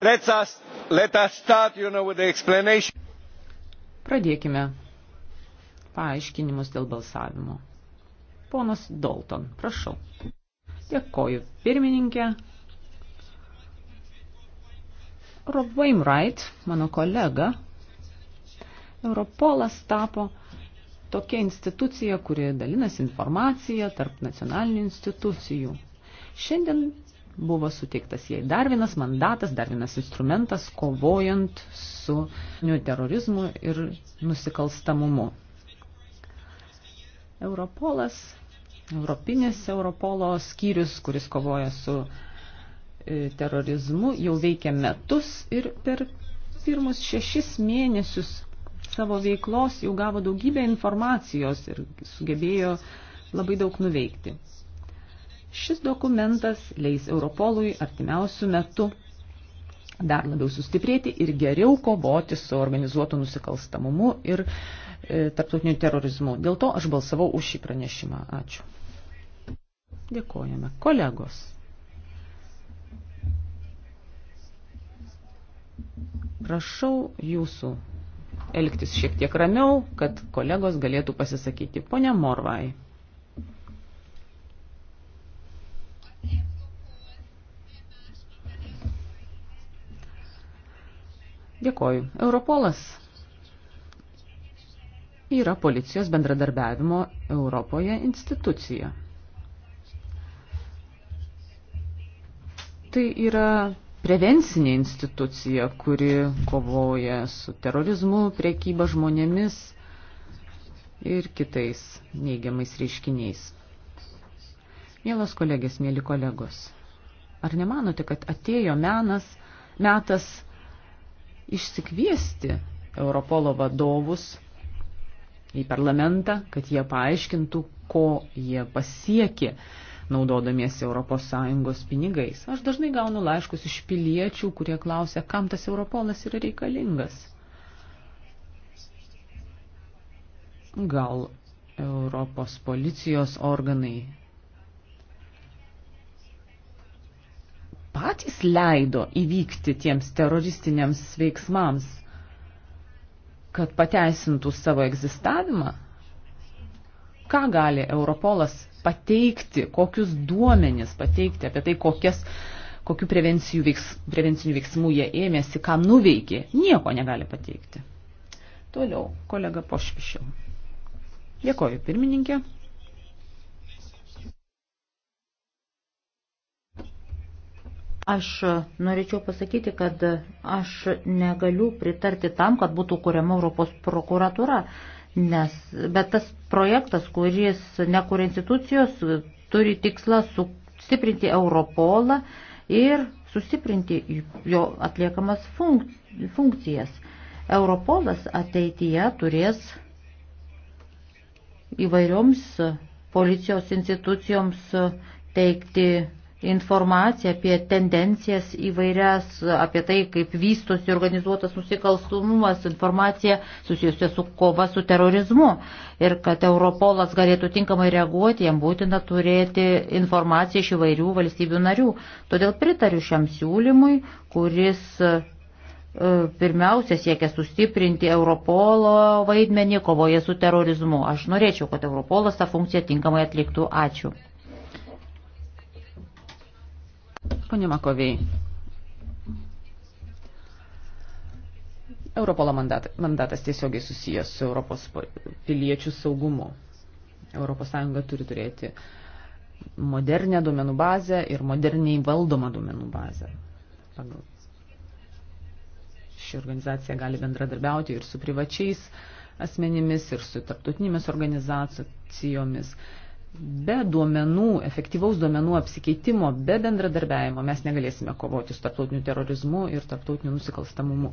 Us, start, you know, Pradėkime paaiškinimus dėl balsavimo. Ponas Dalton, prašau. Dėkoju pirmininkė. Rob Wainwright, mano kolega, Europolas tapo tokia institucija, kuri dalinasi informaciją tarp nacionalinių institucijų. Šiandien buvo suteiktas jai dar vienas mandatas, dar vienas instrumentas, kovojant su terorizmu ir nusikalstamumu. Europolas, Europinis Europolo skyrius, kuris kovoja su e, terorizmu, jau veikia metus ir per pirmus šešis mėnesius savo veiklos jau gavo daugybę informacijos ir sugebėjo labai daug nuveikti. Šis dokumentas leis Europolui artimiausių metų dar labiau sustiprėti ir geriau kovoti su organizuotu nusikalstamumu ir e, tarptautiniu terorizmu. Dėl to aš balsavau už šį pranešimą. Ačiū. Dėkojame. Kolegos. Prašau jūsų elgtis šiek tiek ramiau, kad kolegos galėtų pasisakyti. Pone Morvai. Dėkoju. Europolas yra policijos bendradarbiavimo Europoje institucija. Tai yra prevencinė institucija, kuri kovoja su terorizmu, priekyba žmonėmis ir kitais neigiamais reiškiniais. Mielos kolegės, mėly kolegos, ar nemanote, kad atėjo menas, metas išsikviesti Europolo vadovus į parlamentą, kad jie paaiškintų, ko jie pasiekė naudodamiesi ES pinigais. Aš dažnai gaunu laiškus iš piliečių, kurie klausia, kam tas Europolas yra reikalingas. Gal Europos policijos organai patys leido įvykti tiems teroristiniams veiksmams, kad pateisintų savo egzistavimą? Ką gali Europolas pateikti, kokius duomenis pateikti apie tai, kokias, kokių prevencijų, veiks, prevencijų veiksmų jie ėmėsi, ką nuveikė, nieko negali pateikti. Toliau, kolega Pošpišiau. Dėkoju, pirmininkė. Aš norėčiau pasakyti, kad aš negaliu pritarti tam, kad būtų kuriama Europos prokuratura, nes, bet tas projektas, kuris nekuria institucijos, turi tikslą sustiprinti Europolą ir sustiprinti jo atliekamas funk, funkcijas. Europolas ateityje turės įvairioms policijos institucijoms teikti informaciją apie tendencijas įvairias, apie tai, kaip vystosi organizuotas nusikalstumumas, informacija susijusia su kova su terorizmu. Ir kad Europolas galėtų tinkamai reaguoti, jam būtina turėti informaciją iš įvairių valstybių narių. Todėl pritariu šiam siūlymui, kuris e, pirmiausia siekia sustiprinti Europolo vaidmenį kovoje su terorizmu. Aš norėčiau, kad Europolas tą funkciją tinkamai atliktų. Ačiū. Pone Makoviai. Europolo mandat, mandatas tiesiogiai susijęs su Europos piliečių saugumu. ES turi turėti modernę duomenų bazę ir moderniai valdomą duomenų bazę. Pagal ši organizacija gali bendradarbiauti ir su privačiais asmenimis, ir su tarptautinėmis organizacijomis be duomenų, efektyvaus duomenų apsikeitimo, be bendradarbiavimo mes negalėsime kovoti su tarptautiniu terorizmu ir tarptautiniu nusikalstamumu.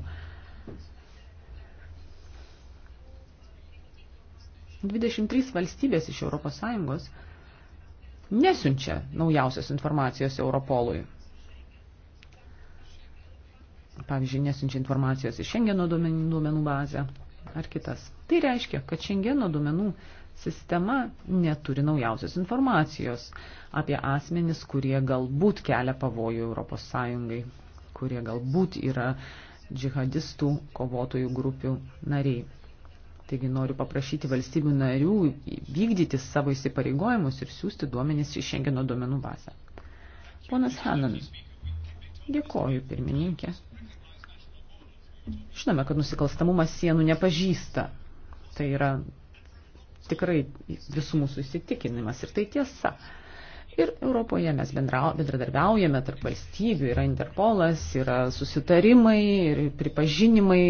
23 valstybės iš ES nesiunčia naujausios informacijos Europolui. Pavyzdžiui, nesiunčia informacijos iš Šengeno duomenų, duomenų bazę ar kitas. Tai reiškia, kad Šengeno duomenų Sistema neturi naujausios informacijos apie asmenis, kurie galbūt kelia pavojų ES, kurie galbūt yra džihadistų kovotojų grupių nariai. Taigi noriu paprašyti valstybių narių vykdyti savo įsipareigojimus ir siūsti duomenis į Šengeno duomenų bazę. Ponas Hanan, dėkoju pirmininkė. Žinome, kad nusikalstamumas sienų nepažįsta. Tai yra tikrai visų mūsų įsitikinimas ir tai tiesa. Ir Europoje mes bendrau, bendradarbiaujame tarp valstybių, yra Interpolas, yra susitarimai ir pripažinimai,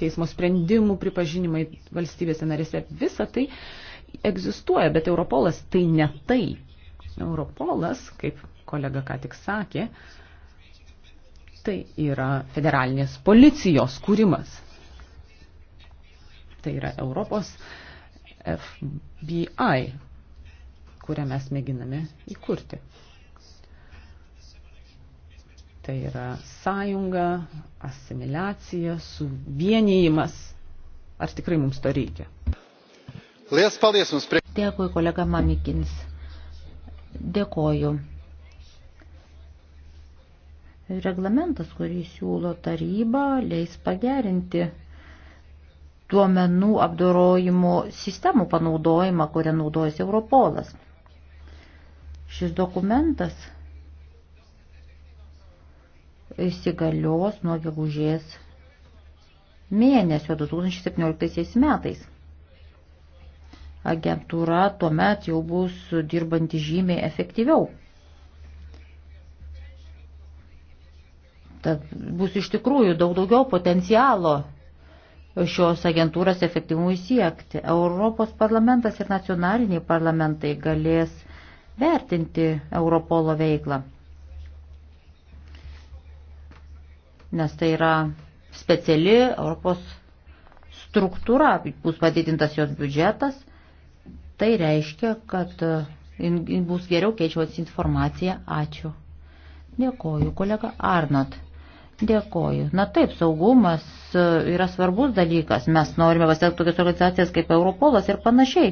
teismo sprendimų pripažinimai valstybėse narėse. Visa tai egzistuoja, bet Europolas tai ne tai. Europolas, kaip kolega ką tik sakė, tai yra federalinės policijos kūrimas. Tai yra Europos uh, FBI, kurią mes mėginame įkurti. Tai yra sąjunga, asimiliacija, suvienijimas. Ar tikrai mums to reikia? Lies paldies jums prie. Dėkui, kolega Mamikins. Dėkoju. Reglamentas, kurį siūlo taryba, leis pagerinti duomenų apdorojimo sistemų panaudojimą, kurią naudojasi Europolas. Šis dokumentas įsigalios nuo gegužės mėnesio 2017 metais. Agentūra tuomet jau bus dirbanti žymiai efektyviau. Tad bus iš tikrųjų daug daugiau potencialo šios agentūros efektyvumui siekti. Europos parlamentas ir nacionaliniai parlamentai galės vertinti Europolo veiklą, nes tai yra speciali Europos struktūra, bus padidintas jos biudžetas, tai reiškia, kad bus geriau keičiamas informacija. Ačiū. Dėkoju, kolega Arnot. Dėkoju. Na taip, saugumas e, yra svarbus dalykas. Mes norime pasiekti tokias organizacijas kaip Europolas ir panašiai.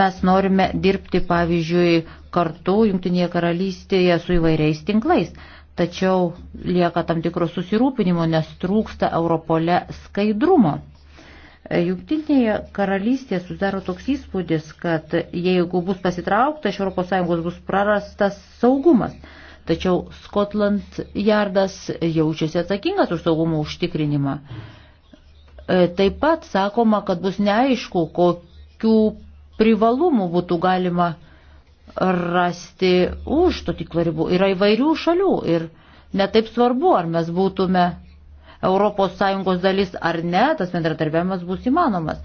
Mes norime dirbti, pavyzdžiui, kartu Junktinėje karalystėje su įvairiais tinklais. Tačiau lieka tam tikro susirūpinimo, nes trūksta Europole skaidrumo. E, Junktinėje karalystėje susidaro toks įspūdis, kad jeigu bus pasitraukta iš ES, bus prarastas saugumas. Tačiau Scotland Yardas jaučiasi atsakingas už saugumo užtikrinimą. E, taip pat sakoma, kad bus neaišku, kokių privalumų būtų galima rasti už to tiklo ribų. Yra įvairių šalių ir netaip svarbu, ar mes būtume ES dalis ar ne, tas bendradarbiavimas bus įmanomas.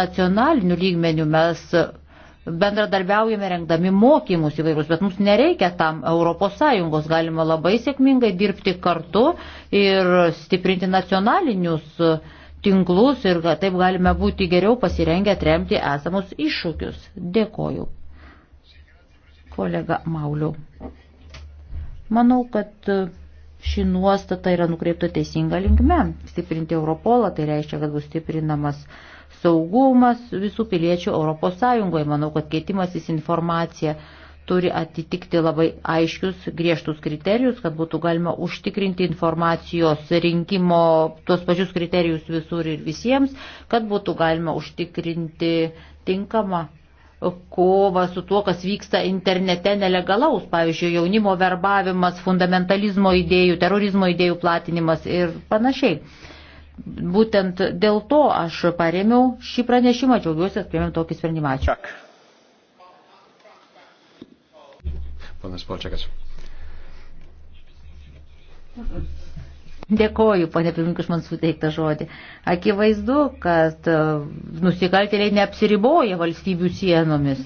Nacionaliniu lygmeniu mes bendradarbiaujame rengdami mokymus įvairius, bet mums nereikia tam ES, galima labai sėkmingai dirbti kartu ir stiprinti nacionalinius tinklus ir taip galime būti geriau pasirengę atremti esamus iššūkius. Dėkoju. Kolega Mauliu. Manau, kad ši nuostata yra nukreipta teisinga linkme. Stiprinti Europolą tai reiškia, kad bus stiprinamas saugumas visų piliečių Europos Sąjungoje. Manau, kad keitimasis informacija turi atitikti labai aiškius, griežtus kriterijus, kad būtų galima užtikrinti informacijos rinkimo tuos pačius kriterijus visur ir visiems, kad būtų galima užtikrinti tinkamą kovą su tuo, kas vyksta internete nelegalaus, pavyzdžiui, jaunimo verbavimas, fundamentalizmo idėjų, terorizmo idėjų platinimas ir panašiai. Būtent dėl to aš paremiau šį pranešimą, džiaugiuosi, kad priėmėm tokį sprendimą. Ačiū. Panas Polčiakas. Mhm. Dėkoju, ponė Pirminkas, man suteiktą žodį. Akivaizdu, kad e, nusikaltėliai neapsiriboja valstybių sienomis.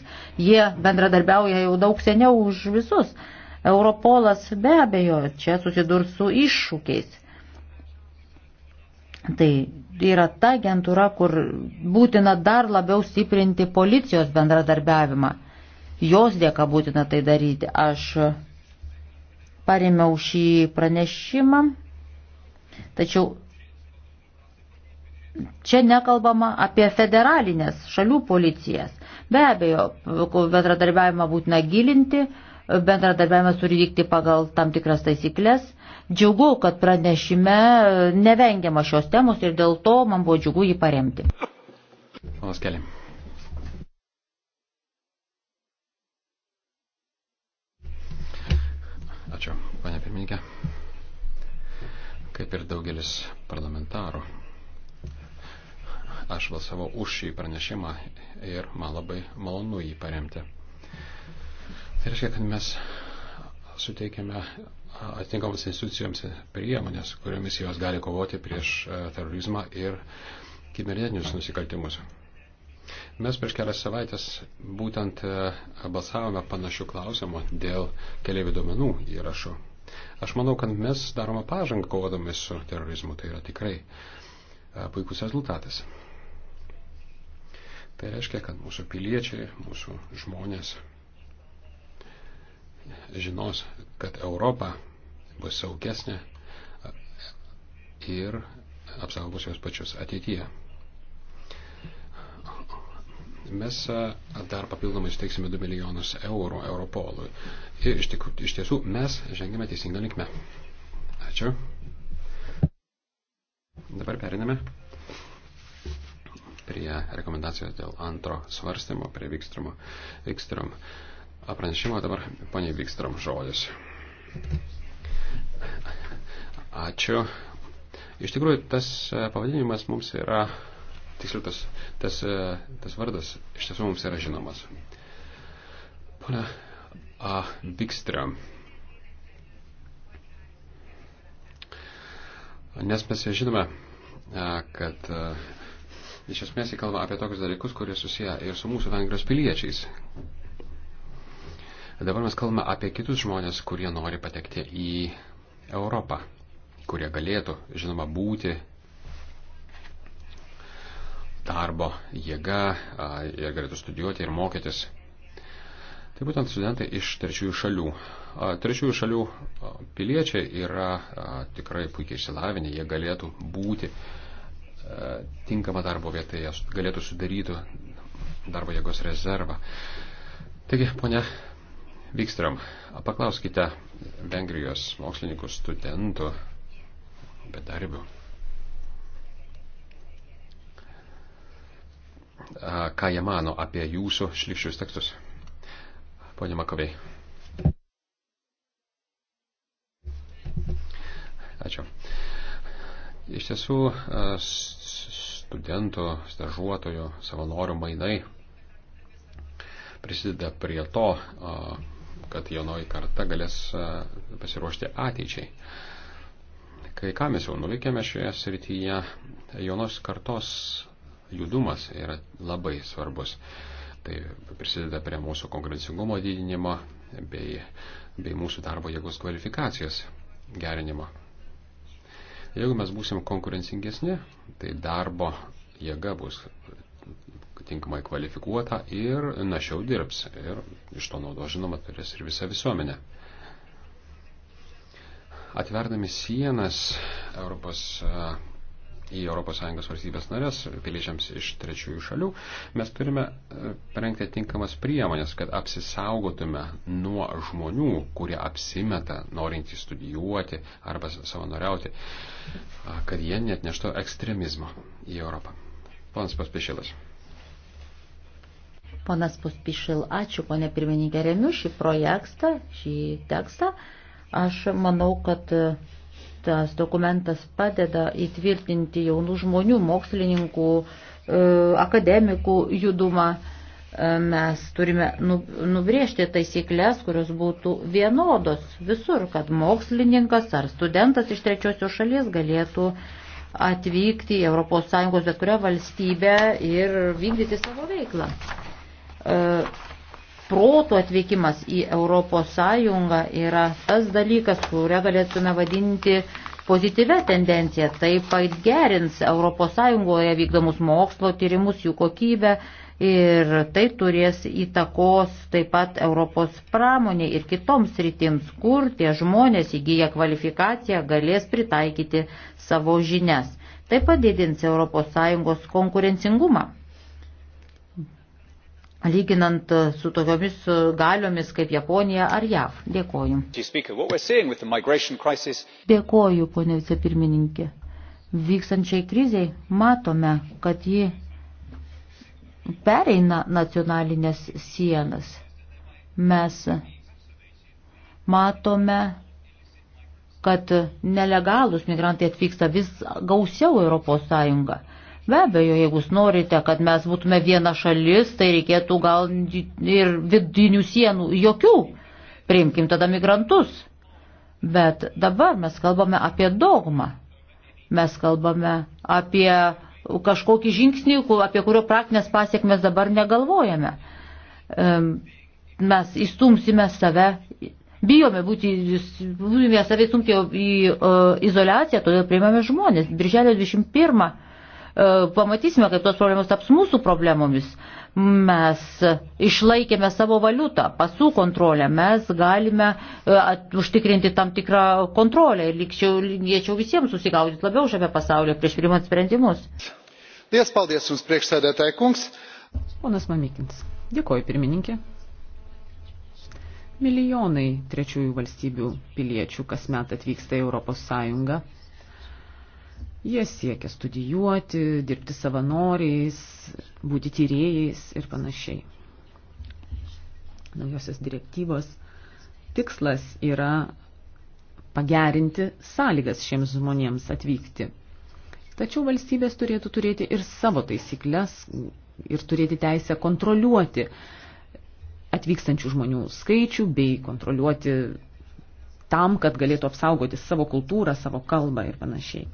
Jie bendradarbiauja jau daug seniau už visus. Europolas be abejo čia susidurs su iššūkiais. Tai yra ta agentūra, kur būtina dar labiau stiprinti policijos bendradarbiavimą. Jos dėka būtina tai daryti. Aš paremiau šį pranešimą Tačiau čia nekalbama apie federalinės šalių policijas. Be abejo, bendradarbiavimą būtina gilinti, bendradarbiavimas turi vykti pagal tam tikras taisyklės. Džiugu, kad pranešime nevengiama šios temos ir dėl to man buvo džiugu jį paremti. Ponas Kelė. Ačiū, panė pirmininkė. Kaip ir daugelis parlamentarų, aš balsavau už šį pranešimą ir man labai malonu jį paremti. Tai reiškia, kad mes suteikiame atitinkamoms institucijoms priemonės, kuriomis jos gali kovoti prieš e, terorizmą ir kibernetinius nusikaltimus. Mes prieš kelias savaitės būtent e, balsavome panašių klausimų dėl keliaivių duomenų įrašų Aš manau, kad mes darome pažangą kovodami su terorizmu. Tai yra tikrai e, puikus rezultatas. Tai reiškia, kad mūsų piliečiai, mūsų žmonės žinos, kad Europa bus saugesnė ir apsaugos jos pačius ateityje. Mes dar papildomai suteiksime 2 milijonus eurų Europolui. Ir iš, tik, iš tiesų mes žengime teisingą linkmę. Ačiū. Dabar periname prie rekomendacijos dėl antro svarstymo, prie Vikstrom. Vikstrom pranešimo dabar ponė Vikstrom žodis. Ačiū. Iš tikrųjų, tas pavadinimas mums yra tiksliau tas, tas, e, tas vardas iš tiesų mums yra žinomas. Pone Vikstrė. Nes mes žinome, e, kad e, iš esmės jį kalba apie tokius dalykus, kurie susiję ir su mūsų Vengrijos piliečiais. Dabar mes kalbame apie kitus žmonės, kurie nori patekti į Europą, kurie galėtų, žinoma, būti darbo jėga, jie galėtų studijuoti ir mokytis. Tai būtent studentai iš trečiųjų šalių. Trečiųjų šalių piliečiai yra tikrai puikiai išsilavinę, jie galėtų būti tinkama darbo vieta, jie galėtų sudaryti darbo jėgos rezervą. Taigi, ponia Vikstram, paklauskite Vengrijos mokslininkus, studentų, bedarbių ką jie mano apie jūsų šlikščius tekstus. Pone Makovei. Ačiū. Iš tiesų, studentų, stažuotojų, savanorių mainai prisideda prie to, kad jaunoji karta galės pasiruošti ateičiai. Kai ką mes jau nuveikėme šioje srityje, jaunos kartos judumas yra labai svarbus. Tai prisideda prie mūsų konkurencingumo didinimo bei, bei mūsų darbo jėgos kvalifikacijos gerinimo. Jeigu mes būsim konkurencingesni, tai darbo jėga bus tinkamai kvalifikuota ir našiau dirbs. Ir iš to naudo, žinoma, turės ir visa visuomenė. Atverdami sienas Europos į ES valstybės narės piliečiams iš trečiųjų šalių, mes turime e, parengti tinkamas priemonės, kad apsisaugotume nuo žmonių, kurie apsimeta norintys studijuoti arba savanoriauti, kad jie net neštų ekstremizmo į Europą. Ponas Paspišilas. Ponas Paspišil, ačiū, ponė pirmininkė, remiu šį projektą, šį tekstą. Aš manau, kad Tas dokumentas padeda įtvirtinti jaunų žmonių, mokslininkų, e, akademikų judumą. E, mes turime nu, nubriežti taisyklės, kurios būtų vienodos visur, kad mokslininkas ar studentas iš trečiosios šalies galėtų atvykti į ES bet kurią valstybę ir vykdyti savo veiklą. E, proto atvykimas į ES yra tas dalykas, kurią galėtume vadinti pozityvę tendenciją. Tai pagerins ES vykdomus mokslo tyrimus, jų kokybę ir tai turės įtakos taip pat Europos pramoniai ir kitoms rytims, kur tie žmonės įgyja kvalifikaciją galės pritaikyti savo žinias. Tai padidins ES konkurencingumą lyginant e, su tokiomis e, galiomis kaip Japonija ar JAV. Dėkoju. Dėkoju, ponė vicepirmininkė. Vykstančiai kriziai matome, kad ji pereina nacionalinės sienas. Mes matome, kad nelegalus migrantai atvyksta vis gausiau Europos Sąjungą Be abejo, jeigu jūs norite, kad mes būtume viena šalis, tai reikėtų gal ir vidinių sienų jokių. Priimkim tada migrantus. Bet dabar mes kalbame apie dogmą. Mes kalbame apie kažkokį žingsnį, apie kurio praktinės pasiekmes dabar negalvojame. Mes įstumsime save, bijome būti, bijome save įstumti į e, izolaciją, todėl priimame žmonės. Birželio 21 E, pamatysime, kaip tos problemos taps mūsų problemomis. Mes išlaikėme savo valiutą, pasų kontrolę, mes galime e, at, užtikrinti tam tikrą kontrolę ir linkėčiau visiems susigaudyti labiau šiame pasaulyje prieš priimant sprendimus. Lies paldies Jums priekšsėdėtai, kungs. Ponas Mamikins, dėkoju pirmininkė. Milijonai trečiųjų valstybių piliečių kasmet atvyksta į Europos Sąjungą Jie siekia studijuoti, dirbti savanoriais, būti tyrėjais ir panašiai. Naujosios direktyvos tikslas yra pagerinti sąlygas šiems žmonėms atvykti. Tačiau valstybės turėtų turėti ir savo taisyklės ir turėti teisę kontroliuoti atvykstančių žmonių skaičių bei kontroliuoti tam, kad galėtų apsaugoti savo kultūrą, savo kalbą ir panašiai.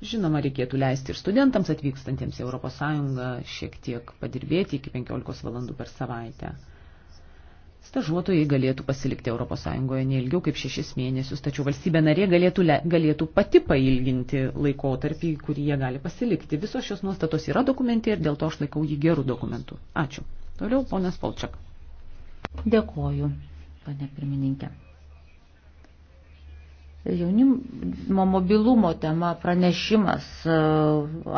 Žinoma, reikėtų leisti ir studentams atvykstantiems į ES šiek tiek padirbėti iki 15 valandų per savaitę. Stažuotojai galėtų pasilikti ES neilgiau kaip 6 mėnesius, tačiau valstybė narė galėtų, galėtų pati pailginti laikotarpį, kurį jie gali pasilikti. Visos šios nuostatos yra dokumentai ir dėl to aš laikau jį gerų dokumentų. Ačiū. Toliau ponas Polčak. Dėkoju, pane pirmininkė. Jaunimo mobilumo tema pranešimas, e,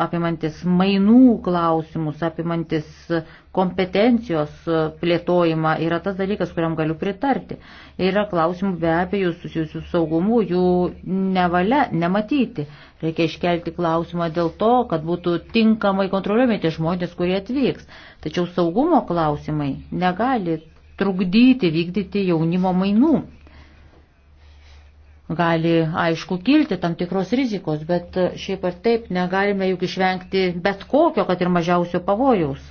apimantis mainų klausimus, apimantis kompetencijos plėtojimą, yra tas dalykas, kuriam galiu pritarti. Yra klausimų be abejo susijusių saugumu, jų nevalia nematyti. Reikia iškelti klausimą dėl to, kad būtų tinkamai kontroliuojami tie žmonės, kurie atvyks. Tačiau saugumo klausimai negali trukdyti vykdyti jaunimo mainų gali, aišku, kilti tam tikros rizikos, bet šiaip ar taip negalime juk išvengti bet kokio, kad ir mažiausio pavojaus.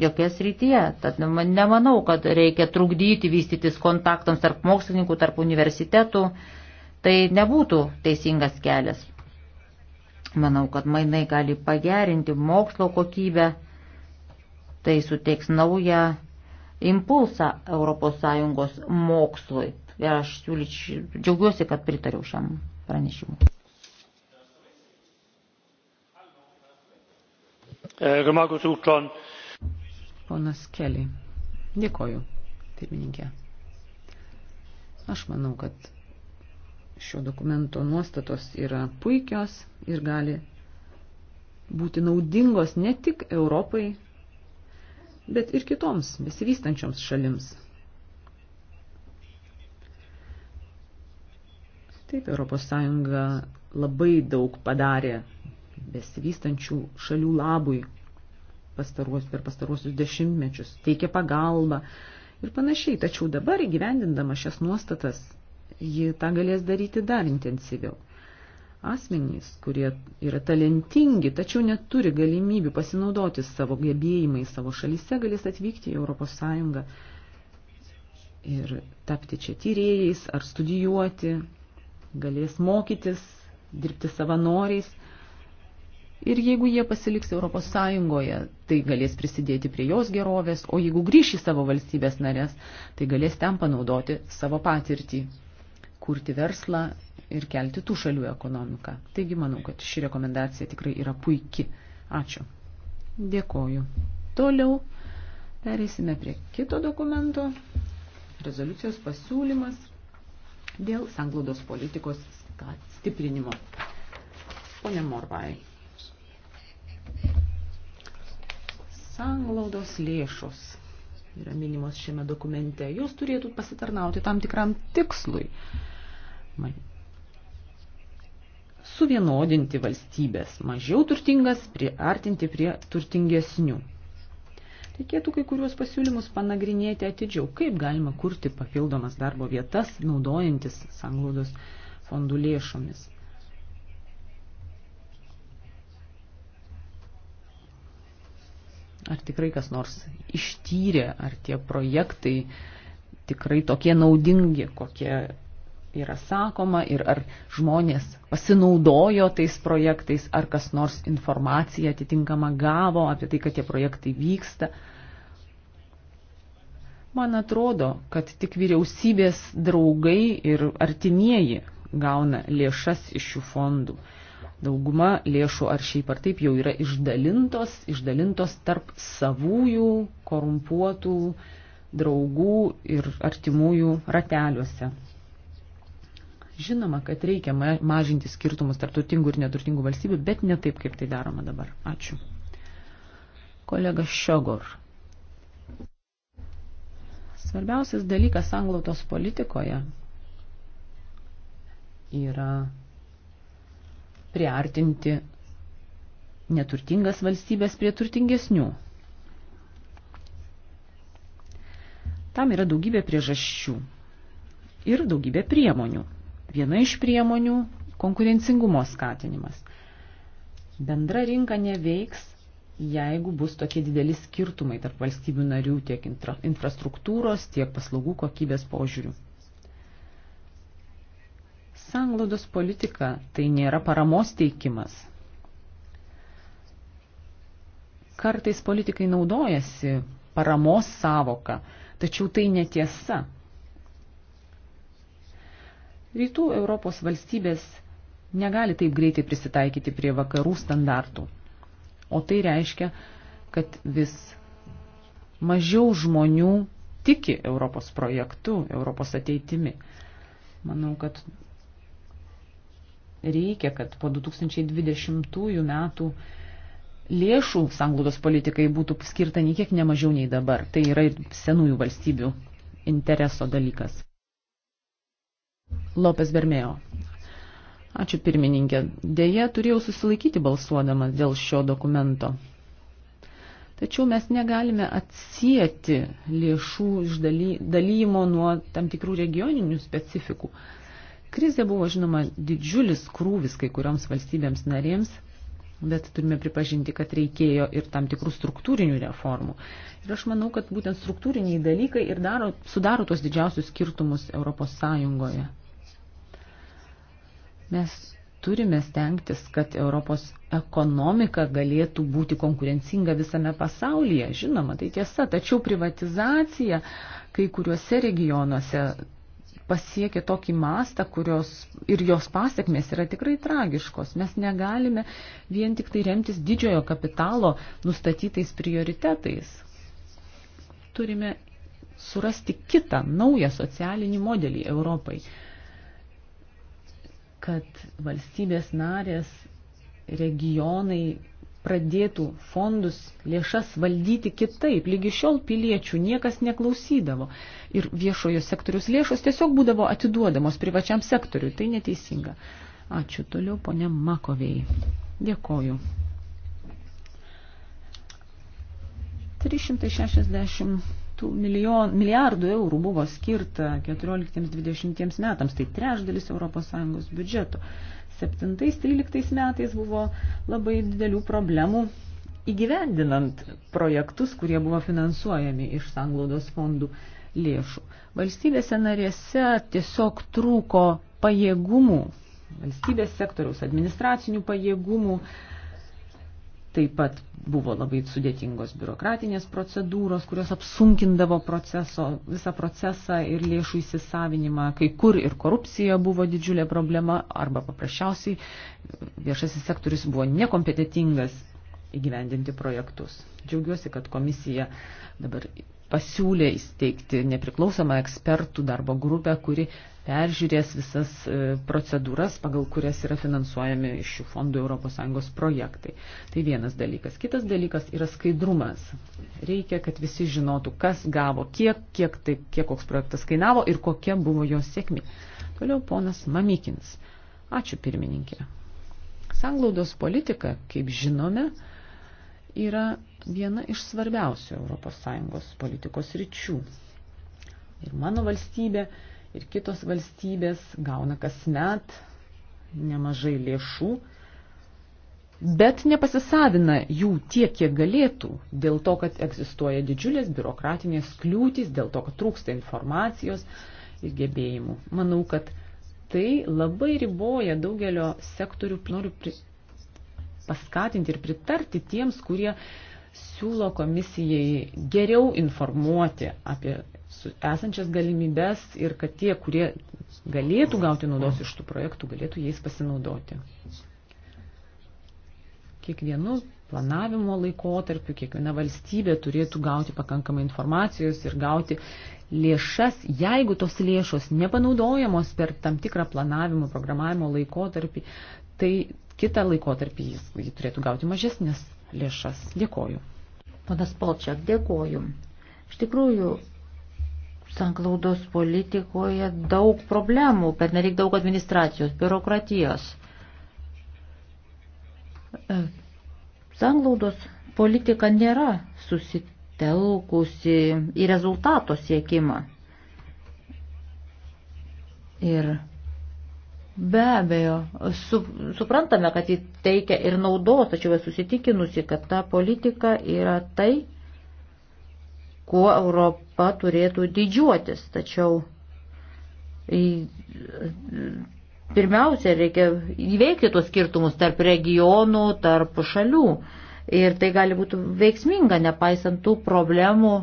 Jokies rytyje. Tad nemanau, kad reikia trukdyti vystytis kontaktams tarp mokslininkų, tarp universitetų. Tai nebūtų teisingas kelias. Manau, kad mainai gali pagerinti mokslo kokybę. Tai suteiks naują impulsą ES mokslui Ir aš siūlyčiau, džiaugiuosi, kad pritariau šiam pranešimui. E, Ponas Keliai, dėkoju, pirmininkė. Aš manau, kad šio dokumento nuostatos yra puikios ir gali būti naudingos ne tik Europai, bet ir kitoms besivystančioms šalims. Taip, ES labai daug padarė besivystančių šalių labui pastaruos, per pastaruosius dešimtmečius, teikė pagalbą ir panašiai. Tačiau dabar įgyvendindama šias nuostatas, ji tą galės daryti dar intensyviau. Asmenys, kurie yra talentingi, tačiau neturi galimybių pasinaudoti savo gebėjimais savo šalyse, galės atvykti į ES ir tapti čia tyrėjais ar studijuoti galės mokytis, dirbti savanoriais. Ir jeigu jie pasiliks Europos Sąjungoje, tai galės prisidėti prie jos gerovės, o jeigu grįš į savo valstybės narės, tai galės ten panaudoti savo patirtį, kurti verslą ir kelti tų šalių ekonomiką. Taigi manau, kad ši rekomendacija tikrai yra puiki. Ačiū. Dėkoju. Toliau pereisime prie kito dokumento. Rezoliucijos pasiūlymas dėl sanglaudos politikos stiprinimo. Pone Morvai. Sanglaudos lėšos yra minimos šiame dokumente. Jos turėtų pasitarnauti tam tikram tikslui. Man suvienodinti valstybės, mažiau turtingas priartinti prie turtingesnių. Reikėtų kai kuriuos pasiūlymus panagrinėti atidžiau, kaip galima kurti papildomas darbo vietas, naudojantis sanglaudos fondų lėšomis. Ar tikrai kas nors ištyrė, ar tie projektai tikrai tokie naudingi, kokie yra sakoma ir ar žmonės pasinaudojo tais projektais, ar kas nors informaciją atitinkamą gavo apie tai, kad tie projektai vyksta. Man atrodo, kad tik vyriausybės draugai ir artimieji gauna lėšas iš šių fondų. Dauguma lėšų ar šiaip ar taip jau yra išdalintos, išdalintos tarp savųjų, korumpuotų draugų ir artimųjų rateliuose. Žinoma, kad reikia mažinti skirtumus tarp turtingų ir neturtingų valstybių, bet ne taip, kaip tai daroma dabar. Ačiū. Kolega Šiogor. Svarbiausias dalykas anglautos politikoje yra priartinti neturtingas valstybės prie turtingesnių. Tam yra daugybė priežasčių ir daugybė priemonių. Viena iš priemonių - konkurencingumo skatinimas. Bendra rinka neveiks, jeigu bus tokie dideli skirtumai tarp valstybių narių tiek intra, infrastruktūros, tiek paslaugų kokybės požiūrių. Sanglaudos politika tai nėra paramos teikimas. Kartais politikai naudojasi paramos savoką, tačiau tai netiesa. Rytų Europos valstybės negali taip greitai prisitaikyti prie vakarų standartų. O tai reiškia, kad vis mažiau žmonių tiki Europos projektu, Europos ateitimi. Manau, kad reikia, kad po 2020 metų lėšų sanglaudos politikai būtų skirta niekiek nemažiau nei dabar. Tai yra ir senųjų valstybių intereso dalykas. Lopes Bermėjo. Ačiū pirmininkė. Deja, turėjau susilaikyti balsuodamas dėl šio dokumento. Tačiau mes negalime atsijėti lėšų išdalymo nuo tam tikrų regioninių specifikų. Krizė buvo, žinoma, didžiulis krūvis kai kurioms valstybėms narėms, bet turime pripažinti, kad reikėjo ir tam tikrų struktūrinių reformų. Ir aš manau, kad būtent struktūriniai dalykai ir daro, sudaro tos didžiausius skirtumus Europos Sąjungoje. Mes turime stengtis, kad Europos ekonomika galėtų būti konkurencinga visame pasaulyje. Žinoma, tai tiesa, tačiau privatizacija kai kuriuose regionuose pasiekė tokį mastą, kurios ir jos pasiekmes yra tikrai tragiškos. Mes negalime vien tik tai remtis didžiojo kapitalo nustatytais prioritetais. Turime surasti kitą naują socialinį modelį Europai kad valstybės narės, regionai pradėtų fondus, lėšas valdyti kitaip. Lygi šiol piliečių niekas neklausydavo ir viešojo sektorius lėšos tiesiog būdavo atiduodamos privačiam sektoriui. Tai neteisinga. Ačiū toliau, ponė Makovėjai. Dėkoju. 360 milijon, milijardų eurų buvo skirta 14-20 metams, tai trešdalis ES biudžeto. 7-13 metais buvo labai didelių problemų įgyvendinant projektus, kurie buvo finansuojami iš sanglaudos fondų lėšų. Valstybėse narėse tiesiog trūko pajėgumų, valstybės sektoriaus administracinių pajėgumų, taip pat buvo labai sudėtingos biurokratinės procedūros, kurios apsunkindavo proceso, visą procesą ir lėšų įsisavinimą. Kai kur ir korupcija buvo didžiulė problema, arba paprasčiausiai viešasis sektorius buvo nekompetitingas įgyvendinti projektus. Džiaugiuosi, kad komisija dabar pasiūlė įsteigti nepriklausomą ekspertų darbo grupę, kuri peržiūrės visas e, procedūras, pagal kurias yra finansuojami iš šių fondų ES projektai. Tai vienas dalykas. Kitas dalykas yra skaidrumas. Reikia, kad visi žinotų, kas gavo, kiek, kiek, tai, kiek koks projektas kainavo ir kokia buvo jo sėkmė. Toliau ponas Mamikins. Ačiū pirmininkė. Sanglaudos politika, kaip žinome, yra viena iš svarbiausių ES politikos ryčių. Ir mano valstybė, ir kitos valstybės gauna kasmet nemažai lėšų, bet nepasisavina jų tiek, kiek galėtų, dėl to, kad egzistuoja didžiulės biurokratinės kliūtis, dėl to, kad trūksta informacijos ir gebėjimų. Manau, kad tai labai riboja daugelio sektorių, noriu pri... paskatinti ir pritarti tiems, kurie uh, siūlo komisijai geriau informuoti apie esančias galimybes ir kad tie, kurie galėtų gauti naudos iš tų projektų, galėtų jais pasinaudoti. Kiekvienu planavimo laikotarpiu kiekviena valstybė turėtų gauti pakankamai informacijos ir gauti lėšas, jeigu tos lėšos nepanaudojamos per tam tikrą planavimo, programavimo laikotarpį, tai kitą laikotarpį jis, jis turėtų gauti mažesnės lėšas. Dėkoju. Panas Polčiak, dėkoju. Iš tikrųjų, sanklaudos politikoje daug problemų, per nereik daug administracijos, biurokratijos. E, Sanglaudos politika nėra susitelkusi į rezultato siekimą. Ir Be abejo, su, suprantame, kad jį teikia ir naudos, tačiau esu susitikinusi, kad ta politika yra tai, kuo Europa turėtų didžiuotis. Tačiau pirmiausia, reikia įveikti tuos skirtumus tarp regionų, tarp šalių. Ir tai gali būti veiksminga, nepaisant tų problemų,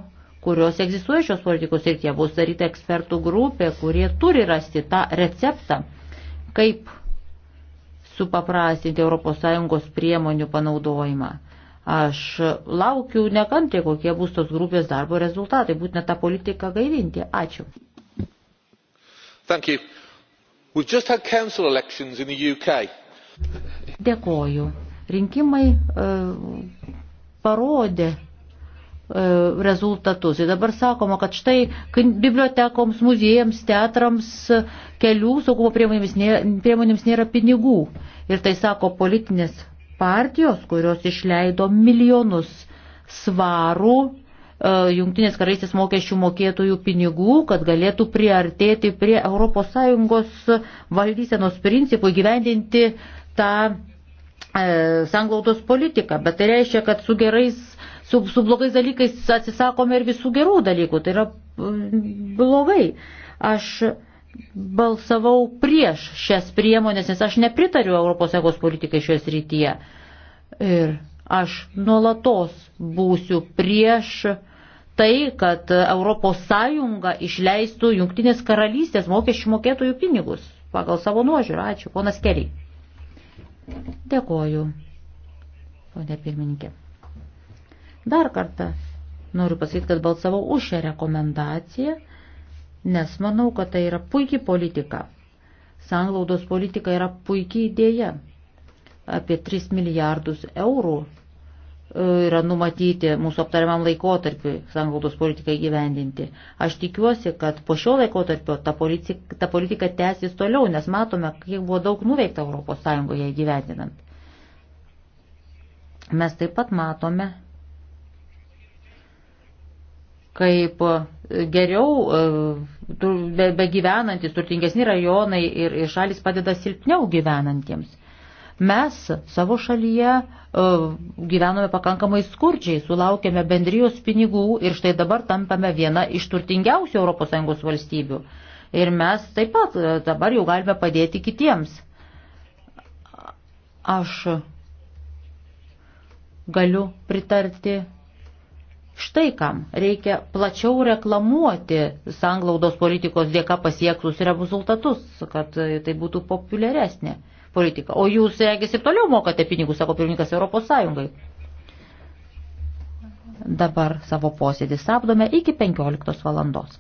kurios egzistuoja šios politikos ir tie bus daryti ekspertų grupė, kurie turi rasti tą receptą kaip supaprastinti ES priemonių panaudojimą. Aš laukiu nekantriai, kokie bus tos grupės darbo rezultatai, būtent tą politiką gaivinti. Ačiū. Dėkoju. Rinkimai e, parodė E, rezultatus. Ir dabar sakoma, kad štai bibliotekoms, muziejams, teatrams, e, kelių saugumo priemonėms nėra, priemonėms nėra pinigų. Ir tai sako politinės partijos, kurios išleido milijonus svarų uh, jungtinės karalystės mokesčių mokėtojų pinigų, kad galėtų priartėti prie ES valdysenos principų įgyvendinti tą e, sanglautos politiką. Bet tai reiškia, kad su gerais su, su blogais dalykais atsisakome ir visų gerų dalykų. Tai yra blogai. Aš balsavau prieš šias priemonės, nes aš nepritariu ES politikai šioje srityje. Ir aš nuolatos būsiu prieš tai, kad ES išleistų Junktinės karalystės mokesčių mokėtojų pinigus pagal savo nuožiūrą. Ačiū, ponas Keriai. Dėkoju, ponė pirmininkė. Dar kartą noriu pasakyti, kad balsavau už šią rekomendaciją, nes manau, kad tai yra puikiai politika. Sanglaudos politika yra puikiai idėja. Apie 3 milijardus eurų e, yra numatyti mūsų aptariamam laikotarpiu sanglaudos politikai gyvendinti. Aš tikiuosi, kad po šio laikotarpio ta politika, ta politika tęsis toliau, nes matome, kiek buvo daug nuveikta ES gyvendinant. Mes taip pat matome, kaip e, geriau e, begyvenantis turtingesni rajonai ir, ir šalis padeda silpniau gyvenantiems. Mes savo šalyje e, gyvenome pakankamai skurdžiai, sulaukėme bendrijos pinigų ir štai dabar tampame viena iš turtingiausių ES valstybių. Ir mes taip pat dabar jau galime padėti kitiems. Aš galiu pritarti Štai kam reikia plačiau reklamuoti sanglaudos politikos dėka pasiektus rezultatus, kad e, tai būtų populiaresnė politika. O jūs, regis, ir toliau mokate pinigus, sako pirmininkas Europos Sąjungai. Dabar savo posėdį stabdome iki 15 valandos.